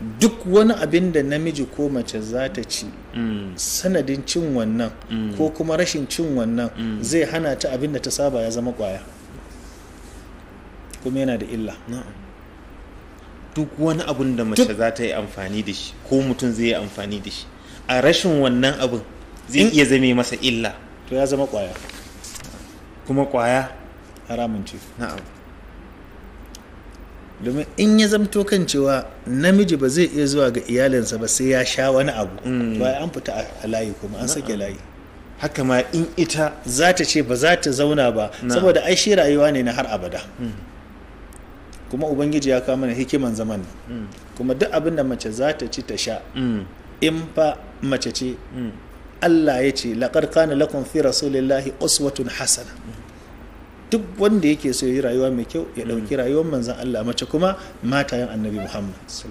duk wani abin da namiji ko mace za ta ci mm. sanadin cin wannan mm. ko kuma rashin cin wannan mm. zai hana ta abin da ta saba ya zama kwaya kuma yana da illa duk wani abin da mace za ta yi amfani da shi ko mutum zai yi amfani da shi a rashin wannan abin zai iya zame masa illa to ya zama kwaya kuma kwaya haramun ce na'am domin in ya zamto kan cewa namiji ba zai iya zuwa ga iyalinsa ba sai ya sha wani abu mm. ba an fita a layi kuma an sake layi haka ma in ita za ta ce ba za ta zauna ba saboda ai shi rayuwa ne na har abada mm. kuma ubangiji ya kawo mana hikiman zaman mm. kuma duk abin da mace za ta ci ta sha in fa mace ce Allah ya ce laqad kana lakum fi rasulillahi uswatun hasana duk wanda yake so yi rayuwa mai kyau ya ɗauki rayuwar manzan Allah mace kuma matayen annabi Muhammad